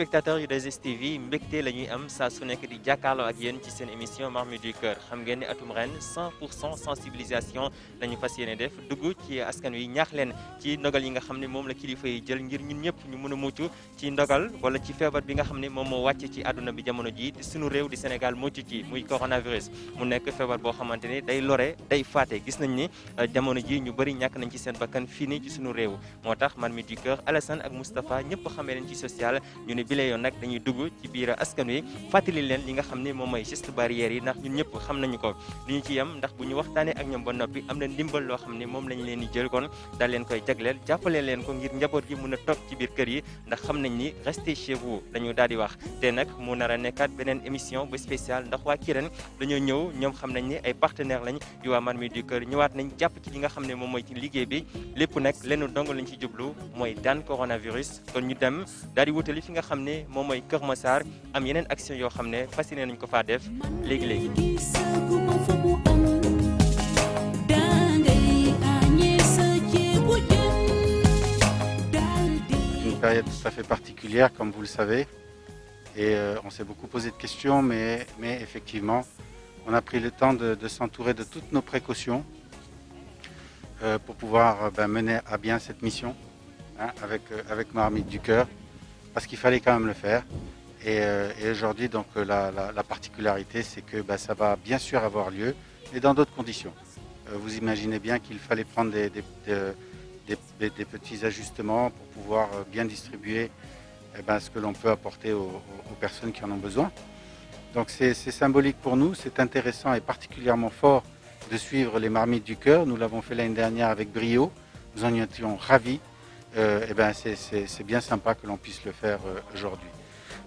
téléspectateurs yu 2STV mbégte la ñuy am saa su nekk jàkkaarloo ak yéen ci seen émission Marmite du Cœur xam ngeen ne atum ren 100 pour cent sensibilisation la ñu fas yéene def dugg ci askan wi ñaax leen ci ndogal yi nga xam ne moom la kilifa yi jël ngir ñun ñëpp ñu mën a mucc ci ndogal wala ci feebar bi nga xam ne moom moo wàcc ci àdduna bi jamono ji te suñu réew di Sénégal mucc ci muy coronavirus mu nekk feebar boo xamante ni day lore day faate gis nañ ni euh, jamono ji ñu bëri ñàkk nañ ci seen bakkan fii nii ci suñu réew moo tax Marmite du Cœur Alassane ak Moustapha ñëpp xamee leen ci social ñu ne bile yoon nag dañuy dugg ci biir askan wi nga xam ne moom mooy geste barrière yi ndax ñun ñëpp xam nañu ko du ci yem ndax bu ñu waxtaanee ak ñoom ba noppi am na ndimbal loo xam ne moom lañu leen jël kon daal leen koy jagleel jàppale leen ko ngir njaboot gi mun a toog ci biir kër yi ndax xam ni restez chez vous a nekkaat beneen émission ay partenaire lañ yu waa Marmite du Cœur ñëwaat nañ jàpp ci li nga xam ne moom mooy ci liggéey bi lépp nag lenn dong lañ ci jublu mooy daan coronavirus kon ñu dem daal di wutali fi nga xam ne moom mooy fasciné nañ ko faa def léegi léegi. une période tout à fait particulière comme vous le savez et euh, on s'est beaucoup posé de questions mais mais effectivement on a pris le temps de, de s'entourer de toutes nos précautions euh, pour pouvoir euh, mener à bien cette mission avec Marmite du Cœur parce qu'il fallait quand même le faire. Et, euh, et aujourd'hui, donc euh, la, la, la particularité, c'est que bah, ça va bien sûr avoir lieu, mais dans d'autres conditions. Euh, vous imaginez bien qu'il fallait prendre des, des, des, des, petits ajustements pour pouvoir bien distribuer eh ben, ce que l'on peut apporter aux, personnes qui en ont besoin. c'est symbolique pour nous, c'est intéressant et particulièrement fort de suivre les marmites du cœur. Nous l'avons fait l'année dernière avec brio, nous en étions ravis. Euh, eh c'est bien sympa que l'on puisse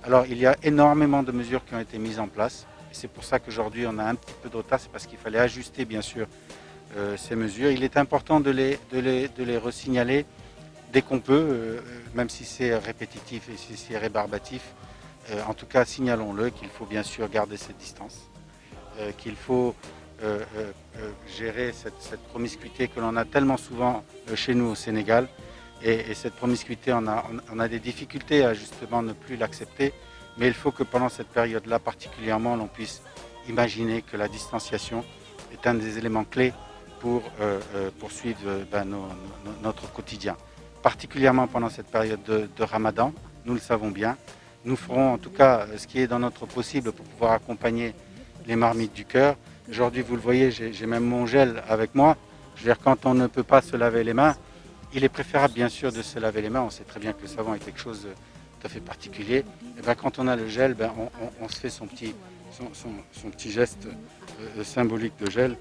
Alors il y a énormément de mesures qui ont été mises en place. Et c'est pour ça qu'aujourd'hui on a un petit peu de retard, c'est parce qu'il fallait ajuster bien sûr euh, ces mesures. Il est important de les, de les, de les resignaler dès qu'on peut, euh, euh, même si c'est répétitif et si c'est rébarbatif. Euh, en tout cas, signalons-le qu'il faut bien sûr garder cette distance, qu'il faut gérer cette, cette promiscuité que l'on a tellement souvent chez nous au Sénégal. Et, et cette promiscuité, on a, on, on a, des difficultés à justement ne plus l'accepter. Mais il faut que pendant cette période-là particulièrement, l'on puisse imaginer que la distanciation est un des éléments clés pour euh, euh, poursuivre euh, notre quotidien. Particulièrement pendant cette période de, Ramadan, nous le savons bien. Nous ferons en tout cas ce qui est dans notre possible pour pouvoir accompagner les marmites du cœur. Aujourd'hui, vous le voyez, j'ai même mon gel avec moi. Il est préférable, bien sûr, de se laver les mains. On sait très bien que le savon est quelque chose tout à fait particulier. Eh quand on a le gel, on, on, on, se fait son petit, son, son, son petit geste euh, euh, symbolique de gel.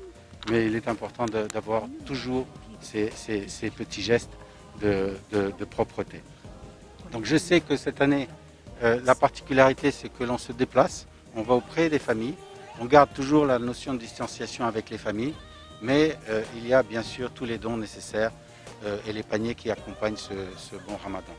Mais il est important d'avoir toujours ces, ces, ces, petits gestes de, de, de, propreté. Donc je sais que cette année, euh, la particularité, c'est que l'on se déplace, on va auprès des familles, on garde toujours la notion de distanciation avec les familles, mais euh, il y a bien sûr tous les dons nécessaires Euh, et les paniers qui accompagnent ce, ce bon ramadan.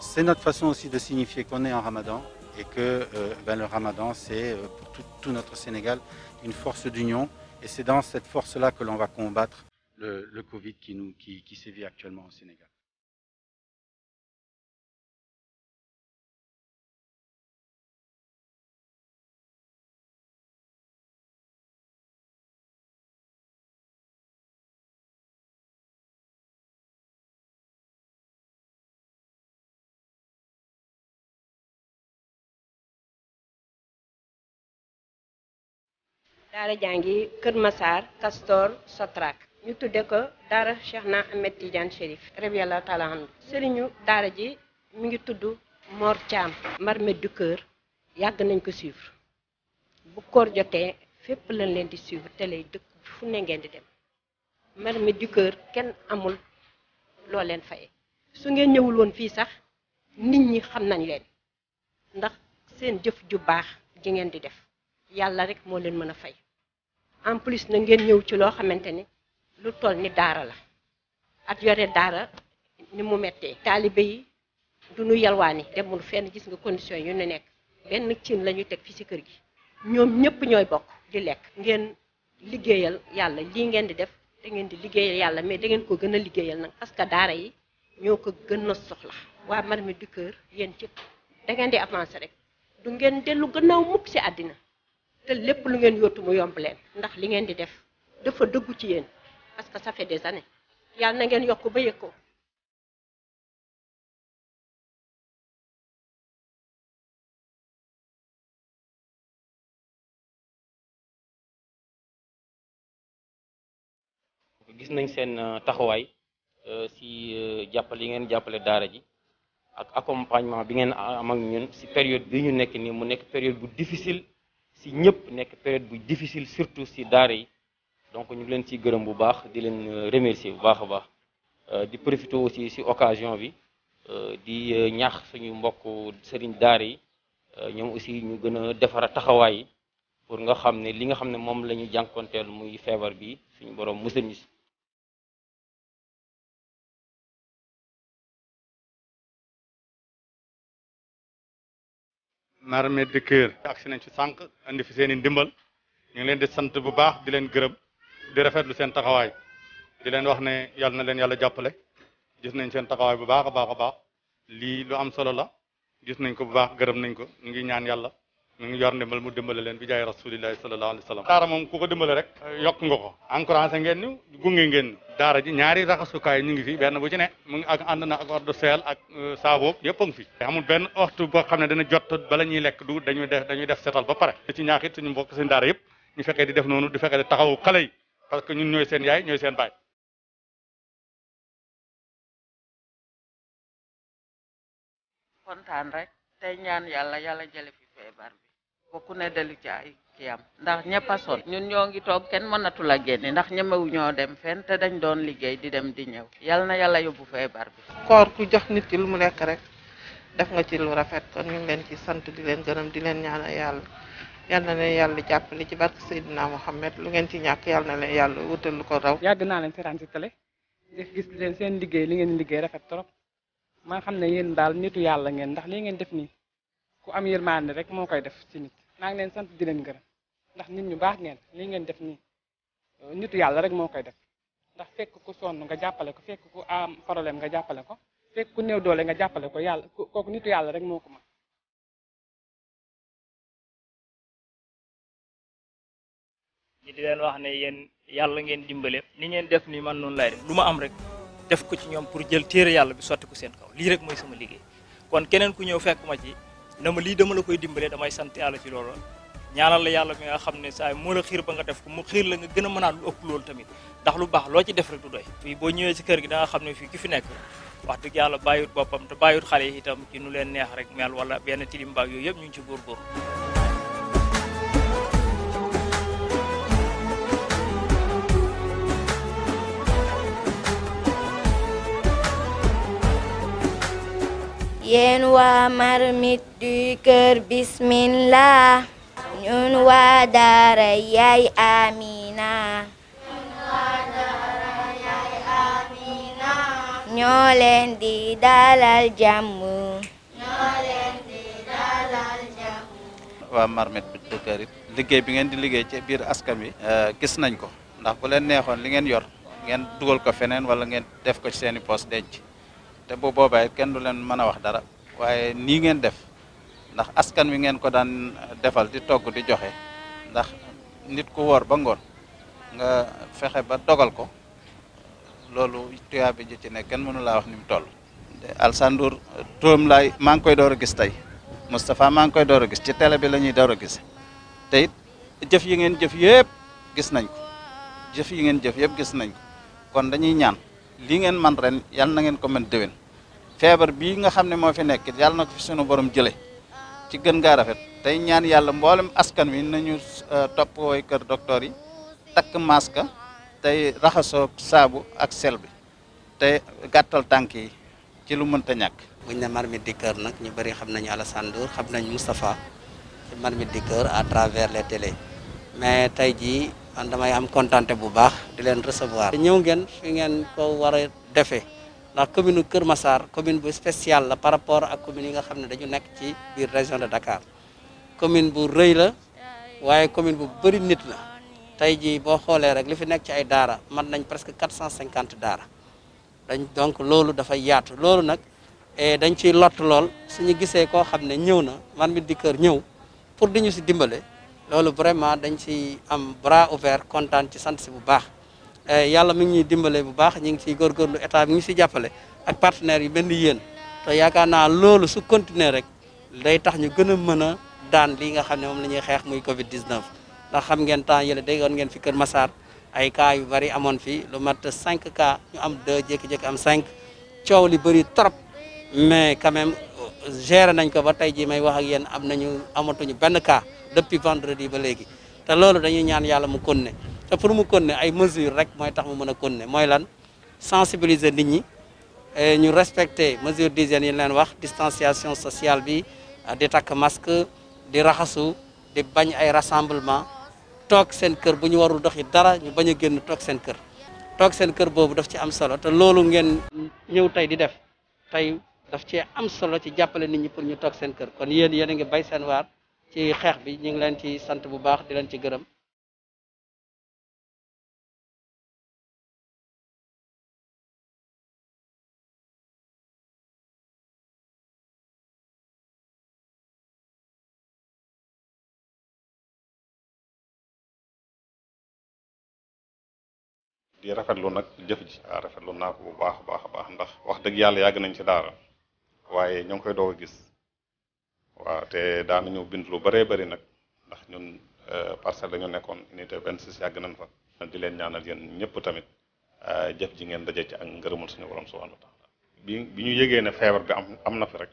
C'est notre façon aussi de signifier qu'on est en ramadan et que euh, ben, le ramadan, c'est euh, pour tout, notre Sénégal une force d'union. Et c'est dans cette force-là que l'on va combattre le, le Covid qui sévit actuellement au Sénégal. daara jaa ngi Kër Massar Castor Satrak ñu tuddee ko daara Cheikh na Ahmed Tidiane Chérif rabiyallahu taala anhu sëriñu daara ji mu ngi tudd Mor Thiam Marmite du Cœur yàgg nañ ko suivre bu koor jotee fépp lañ leen di suivre télé yi dëkk fu ne ngeen di dem Marmite du Cœur kenn amul loo leen faye su ngeen ñëwul woon fii sax nit ñi xam nañ leen ndax seen jëf ju baax ji ngeen di def yàlla rek moo leen mën a fay en plus na ngeen ñëw ci loo xamante ni lu toll ni daara la at yore daara ni mu mettee taalibe yi du ñu yalwaani demul fenn gis nga condition yu ñu nekk benn cin la ñuy teg fi ci kër gi ñoom ñëpp ñooy bokk di lekk ngeen liggéeyal yàlla lii ngeen di def da ngeen di liggéeyal yàlla mais da ngeen ko gën a liggéeyal nag parce que daara yi ñoo ko gën soxla waa mi du kër yéen ci da ngeen di avancer rek du ngeen dellu gannaaw mukk si àddina te lépp lu ngeen yóotu mu ndax li ngeen di def dafa dëggu ci parce que ça fait des années yàlla na ngeen yokk ba yëg ko gis nañ seen euh, taxawaay euh, si euh, jàppale yi ngeen jàppale daara ji ak accompagnement bi ngeen am ak ñun si période bi ñu nekk nii mu nekk période bu difficile si ñëpp nekk période bu difficile surtout si daara yi donc ñu ngi leen ciy gërëm bu baax di leen euh, remercier bu baax a baax euh, di profiter aussi si occasion bi euh, di ñax suñu mbokk sëriñ daara yi ñoom aussi ñu gën a defara taxawaay yi pour nga xam ne li nga xam ne moom la ñu jànkonteel muy feebar bi suñu borom musal ñu L'armée de cœur agsi nañ ci sànq andi fi seen i ndimbal ñu ngi leen di sant bu baax di leen gërëm di rafetlu seen taxawaay di leen wax ne yàlla na leen yàlla jàppale gis nañ seen taxawaay bu baax a baax a baax lii lu am solo la gis nañ ko bu baax gërëm nañ ko ñu ngi ñaan yàlla ñu yor ndimbal mu dimbale leen bi jaay rasulillahi sallallahu alayhi wa sallam daara moom ku ko dimbale rek yokk nga ko encouragé ngeen ñu gunge ngeen ñu daara ji ñaari raxasukaay ñu ngi fi benn bu ci ne mu ngi ak ànd na ak ordre sel ak euh, saaboob yëpp a fi amul benn waxtu boo xam ne dana jot bala ñuy lekk du dañuy def dañuy def setal ba pare ci ñaax it suñu bokk seen daara yëpp ñu fekkee di def noonu di fekkee di taxaw xale yi parce que ñun ñooy seen yaay ñooy seen baay tey ñaan yàlla yàlla jële fi feebar bi ba delu ci ay kiyam ndax ñëpp a ñun ñoo ngi toog kenn mënatu a génne ndax ñemewu ñoo dem fenn te dañ doon liggéey di dem di ñëw yal na yàlla yóbbu feebar bi. koor ku jox nit ci lu mu lekk rek def nga ci lu rafet kon ñu ngi leen ci sant di leen gërëm di leen ñaanal yàlla yal na leen yàlla jàppale ci barke Seydina Mohamed lu ngeen ci ñàkk yal na leen yàlla wutal lu ko raw. yàgg naa leen seetaan ci télé liggéey rafet ma xam ne yéen daal nitu yàlla ngeen ndax lii ngeen def ni ku am yërmande rek moo koy def ci nit maa ngi leen sant di leen gërëm ndax nit ñu baax ngeen lii ngeen def nii euh, nitu yàlla rek moo koy def ndax fekk ku sonn nga jàppale ko fekk ku am nga jàppale ko fekk ku doole nga jàppale ko yàlla kooku nitu yàlla rek moo ko mën di leen wax ne yéen yàlla ngeen dimbale ni ngeen def nii man noonu lay def lu ma am rek def ko ci ñoom pour jël téere yàlla bi sotti ko seen kaw lii rek mooy sama liggéey kon keneen ku ñëw fekk ma ci na ma lii dama la koy dimbalee damay sant yàlla ci loolu ñaanal la yàlla mi nga xam ne saa moo la xiir ba nga def ko mu xiir la nga gën a mënaat lu ëpp loolu tamit ndax lu baax loo ci def rek du doy fii boo ñëwee ci kër gi da nga xam ne fii ki fi nekk wax dëgg yàlla bàyyiwut boppam te bàyyiwut xale yi itam ci nu leen neex rek mel wala benn tilim baag yooyu yëpp ñu ngi ci góorgóorlu yéen waa marmite du cœur bismillah ñun waa daara yaay Amina ñoo leen di dalal jàmm waa marmite bi du kër liggéey bi ngeen di liggéey ci biir askan bi euh, gis nañ ko ndax bu leen neexoon li ngeen yor ngeen dugal ko feneen wala ngeen def ko ci seen i poste te bu boobaa it kenn du leen mën a wax dara waaye nii ngeen def ndax askan wi ngeen ko daan defal di togg di joxe ndax nit ku woor ba ngoon nga fexe ba dogal ko loolu tuyaa bi ji ci ne kenn mënu laa wax ni mu toll. Alsandour turam laay maa ngi koy door a gis tey Moustapha maa ngi koy door a gis ci télé bi la ñuy door a gis te it jëf yi ngeen jëf yëpp gis nañ ko jëf yi ngeen jëf yëpp gis nañ kon dañuy ñaan. li ngeen man ren yal na ngeen ko mën feebar bii nga xam ne moo fi nekk yàlla na ko fi sunu borom jële ci gën ngaa rafet tey ñaan yàlla mboolem askan wi nañu euh, topp woy kër docteur yi takk masque tey raxasoo saabu ak sel bi tey gàttal tànk yi ci lu mënta ñàkk. buñ ne marmite du cœur nag ñu bëri xam nañu Alassane Ndour xam nañ Moustapha ci marmite du cœur à travers les télé mais tey jii. man damay am kontante bu baax di leen recevoir. ñëw ngeen fi ngeen ko war a defee ndax commune Kër Massar commune bu spéciale la par rapport a commune yi nga xam ne dañu nekk ci biir région de Dakar commune bu rëy la waaye commune bu bëri nit la tey jii boo xoolee rek li fi nekk ci ay daara man nañ presque 450 daara dañ donc loolu dafa yaatu loolu nag eh, dañ ciy lott lool ñu gisee koo xam ne ñëw na man mi di kër ñëw pour di ñu si dimbale. loolu vraiment dañ ci am bras ouvert kontaan ci sant si bu baax eh, yàlla mi ngi ñuy dimbale bu baax ñu ngi ciy góorgóorlu état mu ñu si jàppale ak partenaires yi benn yéen te yaakaar naa loolu su continuer rek day tax ñu gën a mën a daan lii nga xam ne moom lañuy xeex muy Covid 19. ndax xam ngeen temps yële déggoon ngeen fi Kër Massar ay cas yu bari amoon fi lu mat cinq cas ñu am 2 jékki-jékki am 5 coow li bëri trop mais quand géré nañ ko ba tey jii may wax ak yéen am nañu amatuñu benn cas depuis vendredi ba léegi te loolu dañuy ñaan yàlla mu konne te pour mu konne ay mesures rek mooy tax mu mën a konne mooy lan sensibiliser nit ñi eh, ñu respecter mesures d'hygiène yi leen wax distanciation sociale bi di takk masque di raxasu di bañ ay rassemblement toog seen kër bu ñu warul doxi dara ñu bañ a génn toog seen kër toog seen kër boobu daf ci am solo te loolu ngeen ñëw tey di def daf cee am solo ci jàppale nit ñi pour ñu toog seen kër kon yéen yéen a ngi bay seen waar ci xeex bi ñu ngi leen ci sant bu baax di leen ci gërëm di rafetlu nag jëf ji rafetlu naa ko bu baax baax baax ndax wax dëgg yàlla yàgg nañ ci daara waaye ñoo ngi koy doog a gis waaw te daanañu bind lu bëree bari nag ndax ñun euh, parcelle dañu nekkoon unité 26 yàgg nañ fa. di leen ñaanal yéen ñëpp tamit euh, jëf ji ngeen daje ci ak ngërëmul suñu borom subhanahu wa taala bi bi ñu yegee ne feebar bi am am na fi rek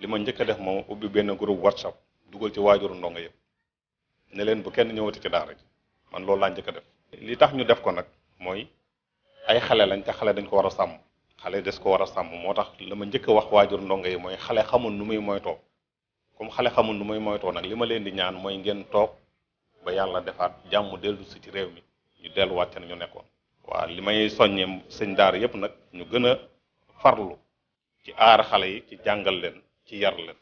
li ma njëkk def moom ubbi benn groupe whatsapp dugal ci waajuru ndongo yëpp ne leen bu kenn ñëwati ci daara rek man loolu laa njëkk a def. li tax ñu def ko nag mooy ay xale lañ te xale dañ ko war a sàmm. xale des ko war a sàmm moo tax lama ma njëkk wax waajur ndongo yi mooy xale xamul nu muy moytoo comme xale xamul nu muy moytoo nag li ma leen di ñaan mooy ngeen toog ba yàlla defaat jàmm dellu si ci réew mi ñu delluwaat ca ñu nekkoon. waa li may soññee sëñ daar yëpp nag ñu gën a farlu ci aar xale yi ci jàngal leen ci yar leen.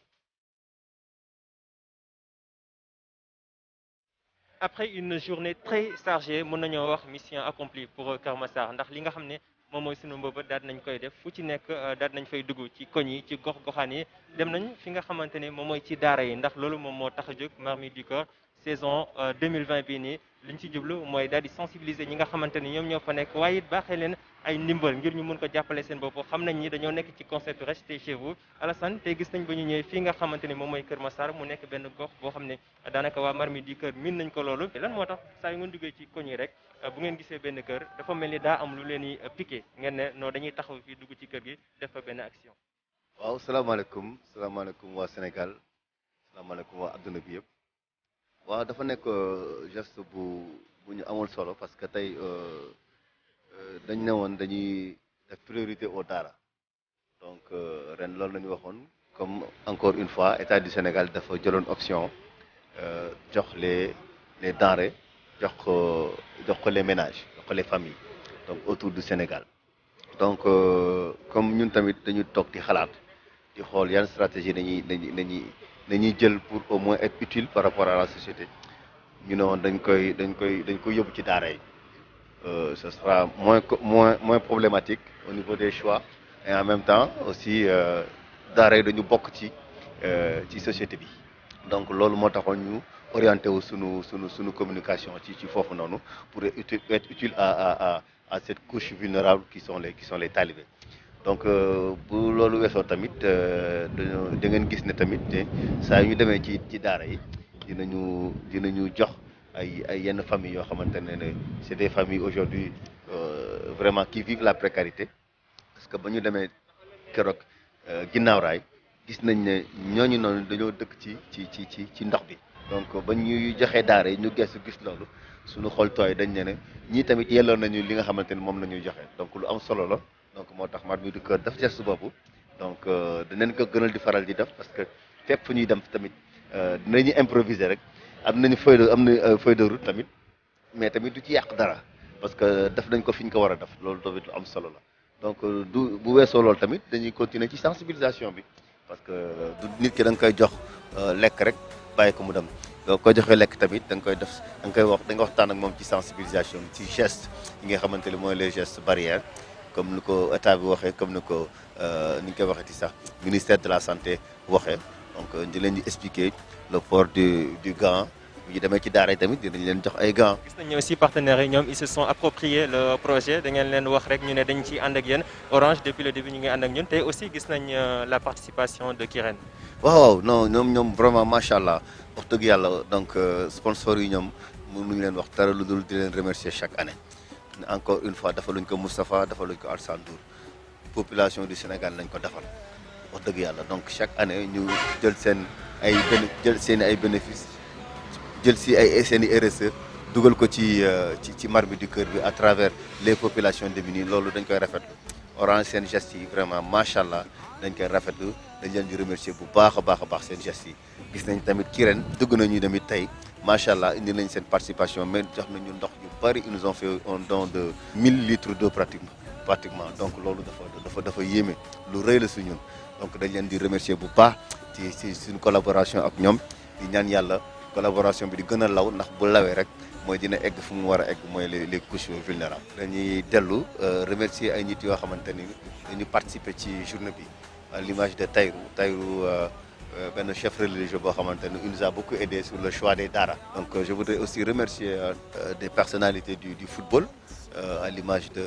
après une journée très chargée mën nañoo wax mission accomplie pour Keur Massar ndax li nga xam ne. moom mooy sunu mbëbët daal nañ koy def fu ci nekk euh, daal nañ fay dugg ci koñ yi ci gox goxaan yi dem nañ fi nga xamante ne moom mooy ci daara yi ndax loolu moom moo tax a jóg Marmite du Cor saison 2020 euh, bii nii liñ ci jublu mooy daal di sensibiliser ñi nga xamante ni ñoom ñoo fa nekk waaye it baaxee leen ay ndimbal ngir ñu mun ko jàppale seen bopp xam nañ ni dañoo nekk ci concept restez chez vous Alassane gis nañ ba ñu ñëwee fii nga xamante ni moom mooy Kër Massar mu nekk benn gox boo xam ne daanaka waa Marmite du Cœur miin nañ ko loolu lan moo tax saa yu ngeen duggee ci koñ yi rek euh, bu ngeen gisee benn kër dafa mel ni daa am lu leen di euh, piqué ngeen ne non dañuy taxaw fii dugg ci kër gi def fa benn action waaw salaamaaleykum salaamaaleykum waa Sénégal salaamaaleykum waa adduna bi yëpp waaw dafa nekk euh, geste bu bu ñu amul solo parce que tey euh, euh, dañ ne woon dañuy def priorité au daara donc ren loolu la ñu waxoon comme encore une fois état du Sénégal dafa jëloon option jox les les denrées jox ko jox ko ménage ménages jox ko les donc autour du Sénégal donc comme ñun tamit dañu toog di xalaat di xool yan stratégie dañuy dañuy dañuy. dañuy jël pour au moins être utile par rapport à la société ñu ne woon dañ koy dañ koy dañ koy yóbbu ci daara yi ce euh, sera moins moins moins problématique au niveau des choix et en même temps aussi euh, daara yi dañu bokk ci euh, ci société bi donc loolu moo taxoon ñu orienté wu sunu sunu sunu communication ci ci foofu noonu pour être utile à à cette couche vulnérable qui son les qui sont donc euh, bu loolu weesoo tamit euh, dañoo da ngeen gis ne tamit eh, saa yu ñu demee ci ci daara yi dinañu ñu jox ay ay yenn famille yoo xamante ne ne c'est des familles aujourd'hui euh, vraiment qui vivent la précarité parce que ba ñu demee keroog ginnaaw raay gis nañ ne ñoo ñu noonu dañoo dëkk ci ci ci ci ci ndox bi donc ba ñuy joxee daara yi ñu geesu gis loolu suñu xol tooy dañ ne ne ñii tamit yelloon nañu li nga xamante ne moom la ñuy joxe donc lu am solo la donc moo tax Marmite du Cœur def geste boobu donc euh, dinañ ko gënal di faral di def parce que fépp fu ñuy dem tamit euh, dinañu improviser rek am nañu feuille de am na euh, feuille de route tamit mais tamit du ci yàq dara parce que def nañ ko fi ñu ko war a def loolu tamit lu am solo la donc du bu weesoo loolu tamit dañuy continuer ci sensibilisation bi parce que du nit ki da koy jox lekk rek bàyyi ko mu dem doo ko joxe lekk tamit da koy def da nga koy wax da nga waxtaan ak moom ci sensibilisation bi ci geste yi nga xamante ne mooy les gestes barrières comme ni ko état bi waxee comme ni ko euh, ni ñu koy waxee ci sax ministère de la santé waxee donc euh, di leen di expliquer le port du du gant bu ñu demee ci daara tamit dinañ leen jox ay gants. gis nañu aussi partenaires yi ñoom ils se sont approprié le projet da leen wax rek ñu ne dañ ci ànd ak yéen Orange depuis le début ñu ngi ànd ak ñun te aussi gis nañ euh, la participation de Kirène. waaw waaw non ñoom ñoom vraiment macha allah wax dëgg yàlla donc sponsors yi ñoom mënuñ leen wax dara lu dul di leen remercier chaque année. encore une fois luñ ko Moustapha defaluñ ko Alassane Ndour population du Sénégal lañ ko defal wax dëgg yàlla donc chaque année ñu jël seen ay béné jël seen ay bénéfices jël si ay seen i dugal ko ci euh, ci ci marmite du kër bi à travers les populations démunies loolu dañ koy rafetlu Orange seen gestes yi vraiment macha allah dañ koy rafet rafetlu dañ leen di remercier bu baax a baax a baax seen gestes yi gis nañ tamit ki ren dugg nañu tamit tey macha allah indi nañ seen participation mais jox nañu ndox yu bëri ils nous ont fait un don de mille litres de pratiquement pratiquement donc loolu dafa dafa dafa yéeme lu rëy la su ñun donc dañ leen di remercier bu paax ci si suñu collaboration ak ñoom di ñaan yàlla collaboration bi di gën a law ndax bu lawee rek mooy dina egg fu mu war a egg mooy les les couches vulnérables. dañuy dellu euh, remercier ay nit yoo xamante ni dañu participer ci journée bi à l'image de Tayrou Tayrou. Euh, Euh, benn chef religieux boo xamante ni il nous a beaucoup aidé sur le choix des dara donc euh, je voudrais aussi remercier euh, des personnalités du du football à l'image de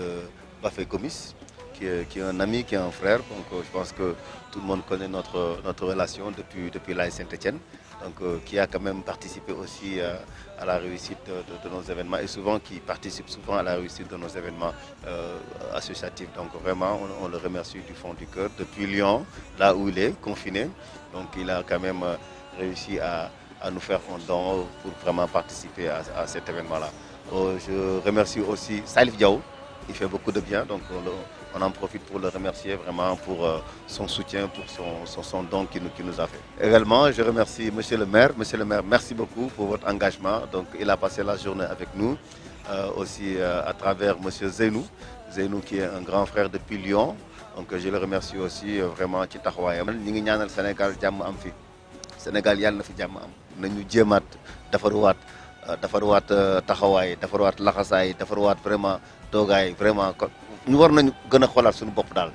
Bafé Gomis qui est, qui est un ami qui est un frère donc je pense que tout le monde connaît notre notre relation depuis depuis l'AS Saint-Étienne donc qui a quand même participé aussi à la réussite de, de, de, nos événements et souvent qui participe souvent à la réussite de nos événements euh, associatifs. Donc vraiment, on, on, le remercie du fond du cœur. Depuis Lyon, là où il est, confiné, donc il a quand même euh, réussi à, à nous faire un don pour vraiment participer à, à cet événement-là. Euh, je remercie aussi Salif Diaw, il fait beaucoup de bien. Donc on, le, on en profite pour le remercier vraiment pour euh, son soutien, pour son, son, son don qu'il nous, qu nous a fait. Également, je remercie Monsieur le maire. Monsieur le maire, merci beaucoup pour votre engagement. Donc il a passé la journée avec nous, euh, aussi euh, à travers Monsieur Zeynou. Zeynou qui est un grand frère depuis Lyon. Donc je le remercie aussi euh, vraiment ci taxawaayam. ñi ngi ñaanal Sénégal jàmm am fi Sénégal yal na fi jàmm am nañu jéemaat defaruwaat euh, defaruwaat taxawaay defaruwaat laxasaay defaruwaat vraiment. toogaay vraiment ñu war nañu gën a xoolaat suñu bopp daal.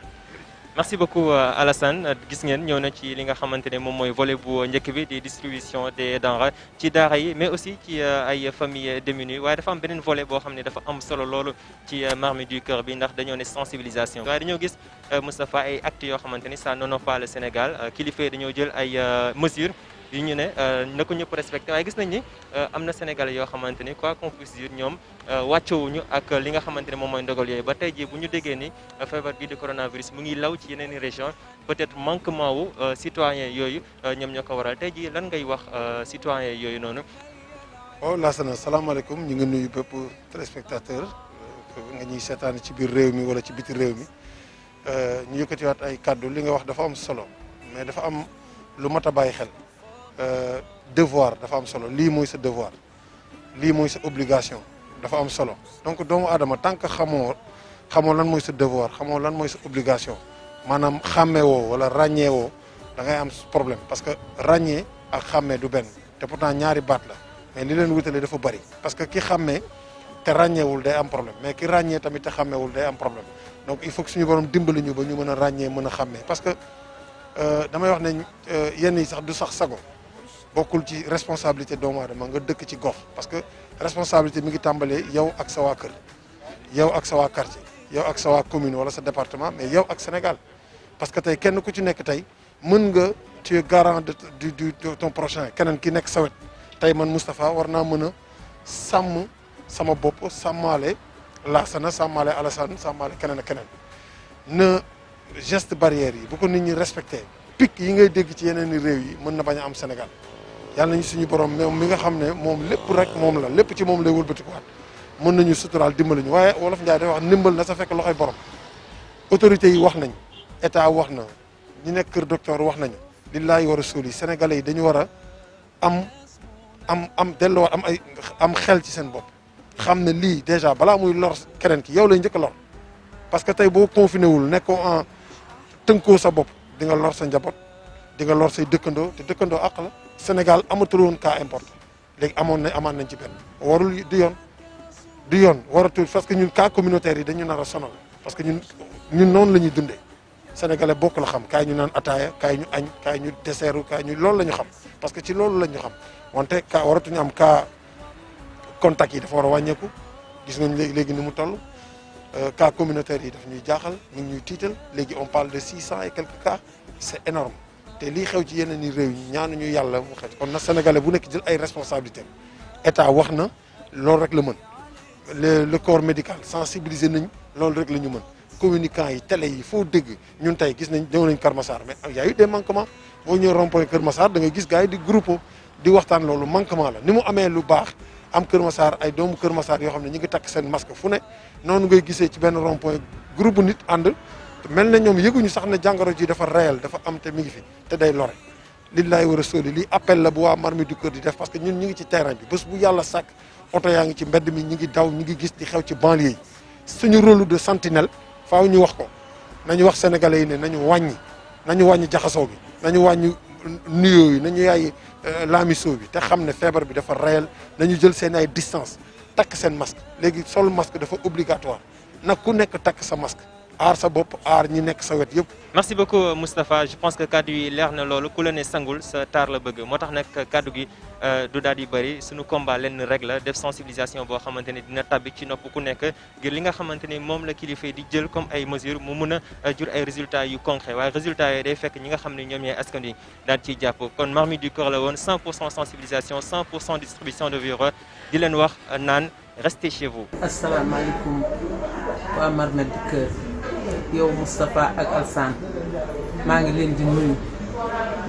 merci beaucoup euh, Alassane euh, gis ngeen ñëw na ci li nga xamante ne moom mooy volet bu njëkk bi di distribution des denrées ci daara yi mais aussi ci euh, ay familles démunies waaye dafa am beneen volet boo xam ne dafa am solo loolu ci Marmite du Cœur bi ndax dañoo ne sensibilisation. waaye dañoo gis Moustapha ay actes yoo xamante ni ça n'honore pas Sénégal kilifa dañoo jël ay mesures. yi ñu ne euh, na ko ñëpp respecté waaye gis nañ ni euh, am na sénégal yoo xamante ni quoi qu'on puisse dire ñoom euh, wàccewuñu ak li nga xamante ne moom mooy ndogal yooyu ba tey jii bu ñu déggee ni feebar bii di coronavirus mu ngi law ci yeneen région peut-être manquement wu citoyen yooyu ñoom ñoo ko waral tey jii lan ngay wax citoyen yooyu noonu waaw oh, laasana salaamaaleykum ñu ngi nuyu bépp téléspectateur nga ñuy seetaan ci biir réew mi wala ci biti réew mi ñu yëkkatiwaat ay kàddu li nga wax dafa am solo mais dafa am lu mat a bàyyi xel Euh, devoir dafa am solo lii mooy sa devoir lii mooy sa obligation dafa am solo donc doomu aadama tant que xamoo xamoo lan mooy sa devoir xamoo lan mooy sa obligation manaam xàmmewoo wala ràññeewoo da ngay am problème parce que ràññee ak xàmmee du benn te pourtant ñaari baat la mais li leen wutale dafa bari parce que ki xàmmee te ràññeewul day am problème mais ki ràññee tamit te xàmmeewul day am problème donc il faut que suñu borom dimbali ñu ba ñu mën a ràññee mën a xàmmee parce que euh, damay wax ne euh, yenn yi sax du sax sago bokkul ci responsabilité doomu aadama nga dëkk ci gox parce que responsabilité mi ngi tàmbalee yow ak sa waa kër yow ak sa waa quartier yow ak sa waa commune wala sa département mais yow ak Sénégal parce que tey kenn ku ci nekk tey mën nga tu es garant de du ton prochain keneen ki nekk sawet tey man Moustapha war naa mën a sàmm sama bopp sàmmaale Laasana sàmmaale Alassane sàmmaale keneen ak keneen na geste barrière yi bu ko nit ñi respecté pic yi ngay dégg ci yeneen i réew yi mën na bañ a am Sénégal yàlla nañu suñu borom moom mi nga xam ne moom lépp rek moom la lépp ci moom lay wëlbatikuwaat mën nañu suturaal dimbali ñu waaye wolof Njaay day wax ndimbal na sa fekk loxoy borom autorités yi wax nañ état wax na ñi nekk kër docteur wax nañu lillaahi wa rasuul yi sénégalais yi dañu war a am am am delloo am ay am xel ci seen bopp xam ne lii déjà balaa muy lor keneen ki yow lay njëkk lor parce que tey boo confiné wul nekkoo en tënkoo sa bopp di nga lor sa njaboot di nga lor say dëkkandoo te dëkkandoo àq la Sénégal amatul woon cas importé léegi amoon na amaan nañ ci benn warul du yoon du yoon waratu parce que ñun ka communautaire yi dañu nar a sonal parce que ñun ñun noonu la ñuy dundee sénégalais bokk la xam kaay ñu naan ataaya kaay ñu añ kaay ñu deseeru kaay ñu loolu la xam parce que ci loolu la ñu xam wante cas waratuñu am ka contact yi dafa war a wàññeeku gis nañ léegi léegi ni mu toll euh, cas communautaire yi daf ñuy jaaxal ñu ñuy tiital léegi on parle de six cent et quelques cas c'est te lii xew ci yeneen i réew yi ñu yàlla mu xew kon na sénégalais bu nekk jël ay responsabilités état wax na loolu rek la mën le le corps médical sensibiliser nañ loolu rek la ñu mën communicants yi tele yi foo dégg ñun tey gis nañ ñëw nañ Kër Massar mais y a eu des manquements boo ñëwee rond Kër Massar da ngay gis gars yi di groupe di waxtaan loolu manquement la ni mu amee lu baax am Kër Massar ay doomu Kër Massar yoo xam ne ñu ngi takk seen masque fu ne noonu ngay gisee ci benn rond-point groupe ànd. mel na ñoom yëguñu sax ne jàngoro ji dafa réel dafa am te mi ngi fi te day lore lillaay war a sóoli lii appel la bu waa Marmite du Cœur di def parce que ñun ñu ngi ci terrain bi bés bu yàlla sàkk oto yaa ngi ci mbedd mi ñu ngi daw ñu ngi gis di xew ci banlieue yi suñu rôle de sentinelle faaw ñu wax ko na nañu wax sénégalais yi ne nañu wàññi nañu wàññi jaxasoo bi nañu wàññi nuyoo yi nañu yaay euh, laamisoo bi te xam ne feebar bi dafa réel nañu jël seen ay distance takk seen masque léegi sol masque dafa obligatoire nag ku nekk takk sa masque aar sa bopp aar ñi nekk sa wet yëpp. merci beaucoup Moustapha je pense que kaddu yi leer na loolu ku la ne sangul sa taar la bëgg moo tax nag kaddu gi euh, du daal di bëri suñu combat lenn rek la def sensibilisation boo xamante ne dina tabbi ci nopp ku nekk ngir li nga xamante ne moom la kilifa di jël comme ay mesures mu mun a euh, jur ay résultat yu concret waaye résultat yooyu day fekk ñi nga xam ne ñoom ñooy askan wi daal ciy jàpp kon Marmite du Cor la woon 100 pour cent sensibilisation di leen wax naan restez chez vous. asalaamaaleykum waa Marmite du yow Moustapha ak Alsaan maa ngi leen di nuyu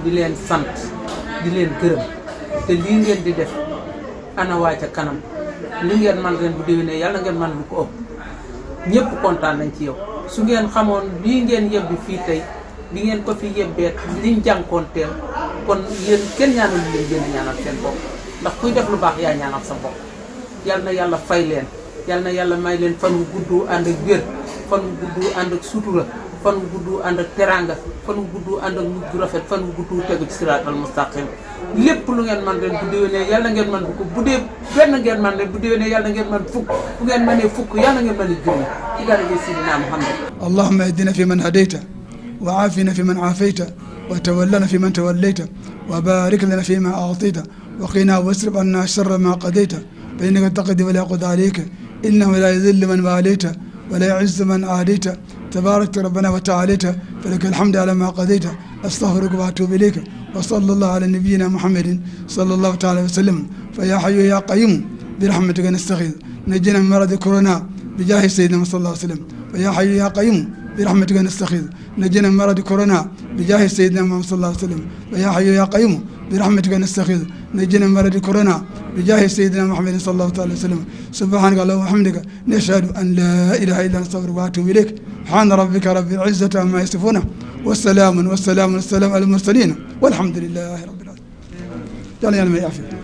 di leen sant di leen gërëm te lii ngeen di def ana ca kanam li ngeen man ren bu déwénee yàlla ngeen man lu ko ëpp ñëpp kontaan nañ ci yow su ngeen xamoon lii ngeen yebbi fii tey bi ngeen ko fi yebbeet liñ jànkoonteel kon yéen kenn ñaanal li leen gën a ñaanal seen bopp ndax kuy def lu baax yaa ñaanal sa bopp yal na yàlla fay leen na yàlla may leen fan wu gudd ànd ak wér fan wu gudd ànd ak sutura fan wu gudd ànd ak teranga fan wu gudd ànd ak mujj rafet fan wu gudd tegu ci siraatal mustaqim lépp lu ngeen man ren bu déwénee yàlla ngeen man bu ko bu dee benn ngeen man ren bu déwénee yàlla ngeen man fukk bu ngeen mënee fukk yàlla ngeen mën a junni ci daraja sidina Muhammad allahumma ihdina fi man hadayta wa aafina fi man aafayta wa tawallana fi man tawallayta wa barik lana fi ma aatayta wa qina wasrif anna sharra ma qadayta fa innaka taqdi wa la yaqda alayka innahu la yudillu man waalayta ولا يعز من آديت تبارك ربنا وتعاليت فلك الحمد على ما قضيت أستغفرك وأتوب إليك وصلى الله على نبينا محمد صلى الله تعالى وسلم فيا حي يا قيوم برحمتك نستغيث نجينا من مرض كورونا بجاه سيدنا صلى الله عليه وسلم فيا حي يا قيوم برحمتك نستغيث نجينا من مرض كورونا بجاه سيدنا محمد صلى الله عليه وسلم فيا حي يا قيوم برحمتك نستغيث نجينا من مرض كورونا بجاه سيدنا محمد صلى الله عليه وسلم سبحانك اللهم وبحمدك نشهد أن لا إله إلا أنت نستغفرك وأتوب إليك سبحان ربك رب العزة عما يصفون والسلام والسلام والسلام على المرسلين والحمد لله رب العالمين. يعلم يعافيك.